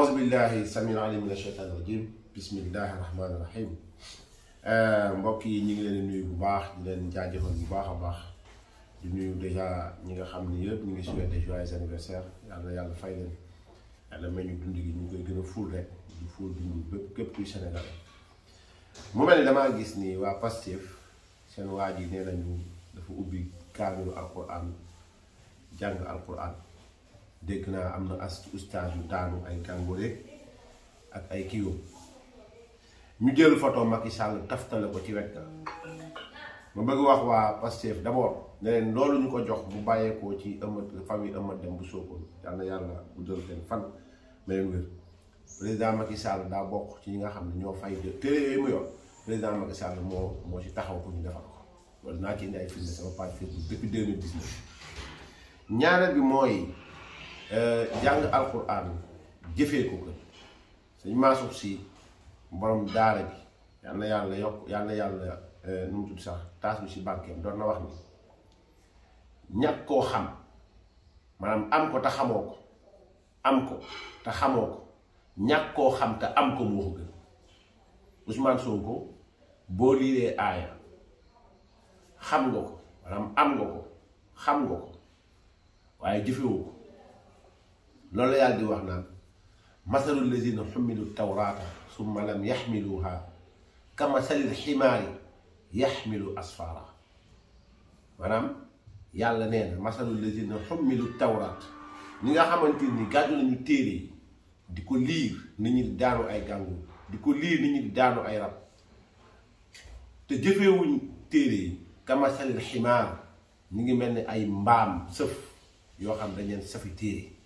أعوذ بالله السميع العليم من الشيطان الرجيم بسم الله الرحمن الرحيم ا مبوك يي نيغي لن نوي بو باخ دي لن جاجيخون بو باخا باخ دي نوي ديجا نيغا خامني ييب نيغي سويت جوايز انيفرسير يالا يالا فاي لن يالا ميني دوندي ني نكاي غينا فول ريك دي فول دي نوي بيب كيب كوي سينيغال مو ملي داما غيس ني وا باسيف سين وادي نيلا نيو دا فو القران جانغ القران dégg naa am na as ustaas yu daanu ay gàngore ak ay kiiwam ñu jël photo Macky Sall taftale ko ci wet ma bëgg wax waa Pastef d'abord ne loolu ñu ko jox bu bàyyeekoo ci ëmmat famille ëmmat dem bu sookoon yàlla yàlla bu dël seen fan ma leen wér président Macky Sall daa bokk ci ñi nga xam ne ñoo fay de télé mu yor président Macky Sall moo moo ci taxaw ko ñu defal ko loolu naa ci indi ay firnde sama page Facebook depuis 2019 ñaareel bi mooy Euh, jàng alquran jëfee ko ko sëñ Mansour Sy borom daara bi yal na yàlla yokk yal yàlla euh, nu mu tudd sax taas si barkeem doon na wax ni ñàkk koo xam maanaam am ko te xamoo ko am ko te xamoo ko ñàkk koo xam te am ko moo ko gën Ousmane Sonko boo liiree aaya xam nga ko maanaam am nga ko xam nga ko waaye jëfewoo ko لولا يالدي واخنا مثل الذين حملوا التوراة ثم لم يحملوها كمثل الحمار يحمل أسفارا مانام يالا نينا مثل الذين حملوا التوراة نيغا خامتيني غادو نيو تيري ديكو لير نيني دانو اي غانغو ديكو لير نيني دانو اي راب te jëfé wuñ téré kama sal himar ñi ngi melni ay mbam seuf yo xam dañ leen safi téré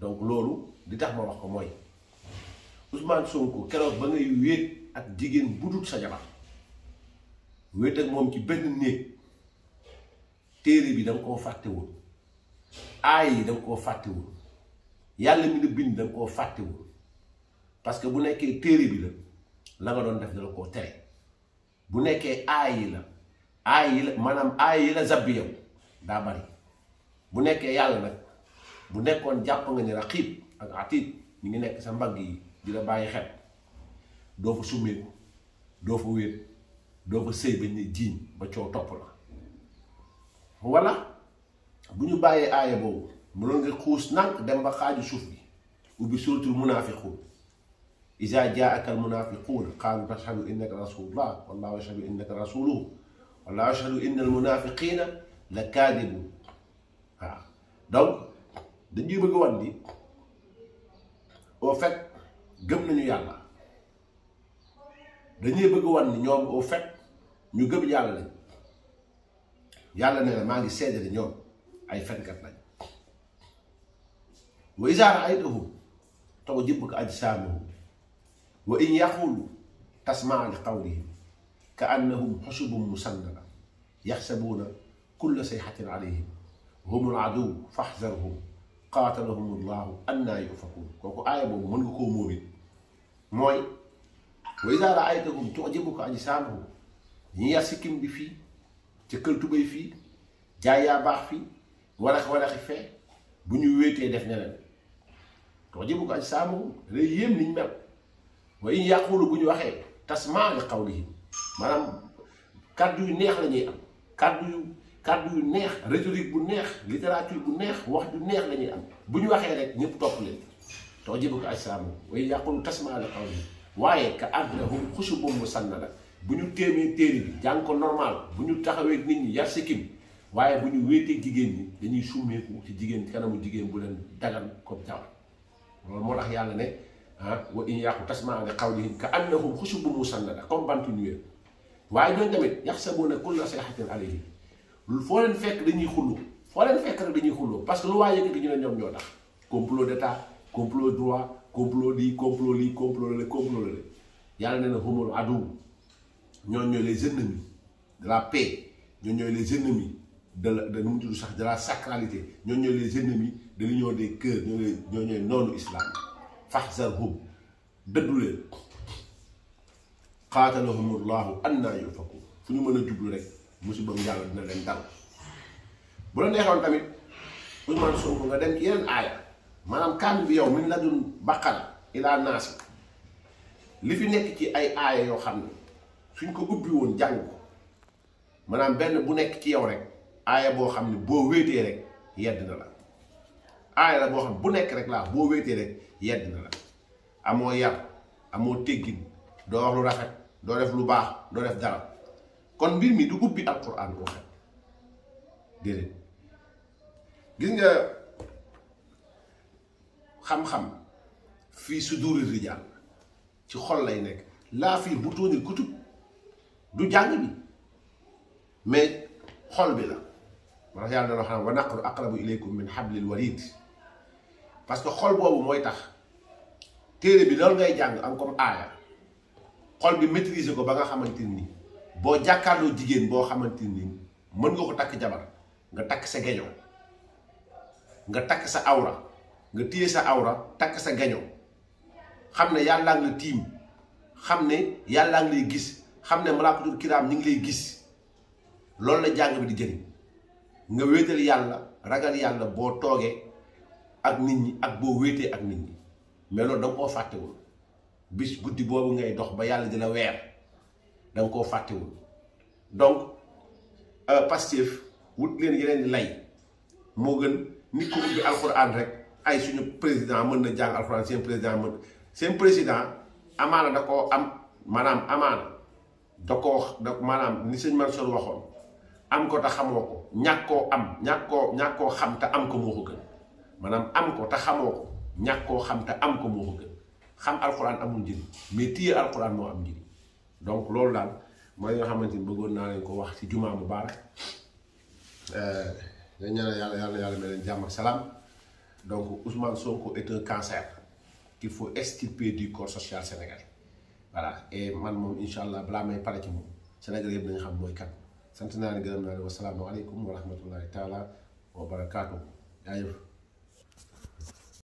donc loolu di tax ma wax ko mooy Ousmane Sonko keroog ba ngay wéet ak jigéen bu dul sa jabar wéet ak moom ci benn néeg téere bi da nga koo fàttewul aay yi da nga koo fàttewul yàlla mi la bind da koo fàttewul parce que bu nekkee téere bi la la doon def da la koo tere bu nekkee aay yi la aay yi la maanaam aay yi la zabbi yow daa bari bu nekkee yàlla nag. bu nekkoon jàpp nga ni raqib ak atit ñu ngi nekk sa mbagg yi di la bàyyi xel doo fa summeeku doo fa wéet doo fa sëy bañ ne jiiñ ba coow topp la wala bu ñu bàyyee aaya boobu mënoon nga xuus nànk dem ba xaaju suuf bi ubbi suuratul munaafiquun iza jaaka al innaka rasulullah wallahu yashhadu innaka rasuluhu wallahu yashhadu inna munafiqina munaafiqina ha, donc dañuy bëgg wan ni au fait gëm nañu yàlla dañuy bëgg wan ni ñoom au fait ñu gëm yàlla lañ yàlla ne la maa ngi seede ni ñoom ay fenkat lañ wa izaa ra'aytahum tu'jibuka ajsaamuhum wa in yaqulu tasma' li qawlihim كأنهم حشب مسندة يحسبون كل صيحة عليهم هم العدو فاحذرهم qaatalahumullahu annaa yufakun kooku aaya boobu mën nga koo moomit mooy wa izaa ra'aytahum tu'jibuka ajsaamuhum ñi yar sikkim bi fii ca kël tubay fii jaay yaa baax fii warax waraxi bu ñu wéetee def neneen tu'jibuka ajsaamuhum day yéem niñ mel wa in yaqulu bu ñu waxee tasmaa qawlihim maanaam kàddu yu neex lañuy am kàddu yu kàddu yu neex rhétorique bu neex littérature bu neex wax ju neex la ñuy am bu ñu waxee rek ñëpp topp leen too jëba ko ajsaamu way yàqulu tasmaa la xaw waaye ka addahum xusubun musannada bu ñu téemee téere bi jàng ko bu ñu taxawee nit ñi yar sikkim waaye bu ñu wéetee jigéen ñi dañuy summeeku ci jigéen kanamu jigéen bu leen dagan comme jaww loolu moo tax yàlla ne ah wa in yàqu tasmaa li qawlihim ka annahum xusubun musannada comme bantu nuwéer waaye ñooñu tamit yaxsabuuna kulla sayhatin alayhim foo leen fekk dañuy xuloo foo leen fekk rek dañuy parce que lu waa ñu ne ñoom ñoo tax complot d'état complot droit complot lii complot lii complot lële complot lële yàlla nee na humul adu ñoom ñooy les ennemis de la paix ñoom ñooy les ennemis de la de nu mu tudd sax de la sacralité ñoom ñooy les ennemis de l'union des cœurs ñoo ñoo ñooy noonu islam fahzarhum dëddu leen qaatalahum allahu annaa yufaku fu ñu mën a jublu rek. musibam yàlla dina len dal bu la nexon tamit Ousmane Sonko nga dem ci yeen aya manam kan bi yow min la dun bakal ila nas li fi nek ci ay aya yo xamni ne suñ ko ubbi won jang ko maanaam benn bu nek ci yow rek aya bo xamni bo boo rek yedd na la aya la bo xam kan, bu nek rek la bo wéetee rek yedd na la amo yar amo teggin do wax lu rafet do def lu bax do def dara kon bir mi du ubbi alquran ko xet dede gis nga xam-xam fi suduri rijal ci xol lay nekk fi fii butooni kutub du jang bi mais xol bi la wax yalla dana xam wa naqru aqrabu ilaykum min hablil warid parce que xol bobu moy tax téere bi lol ngay jang am comme aya xol bi maîtriser ko ba nga xamanteni bo jakarlo jigen bo xamanteni mën nga ko tak jabar nga tak sa gaño nga tak sa awra nga sa awra tak sa gaño xamne yalla nga tim xamne yalla nga lay gis xamne malaku kiram ni nga lay gis lolou la jang bi di jeri nga wetal yalla ragal yalla bo toge ak nit ñi ak bo wété ak nit ñi mais ko faté bis buddi bobu ngay dox ba yalla dina wër dang ko faté wul donc euh Pastef wut len yenen di lay mo gën nit ko ubi alcorane rek ay suñu président mën na jàng alcorane sen président mën sen président amana dako am manam amana dako wax dako manam ni sëñ Mansour waxon am ko ta xamoko ñak ko am ñak ko ñak ko xam ta am ko moko gën manam am ko ta xamoko ñak ko xam ta am ko moko gën xam alcorane amul jëri mais téye alcorane mo am jëri donc loolu daal mooy nga xamante ni bëggoon naa leen ko wax ci jumaa bu baax euh, dañ ñaanal yàlla yàlla yàlla may leen salaam donc Ousmane Sonko est un cancer qu'il faut extirper du corps social sénégalais voilà et man moom incha allah balaa may pare ci moom Sénégal yëpp dañu xam mooy kan sant naa ne gërëm naa ne wasalaamaaleykum wa rahmatullahi taala wa barakaatu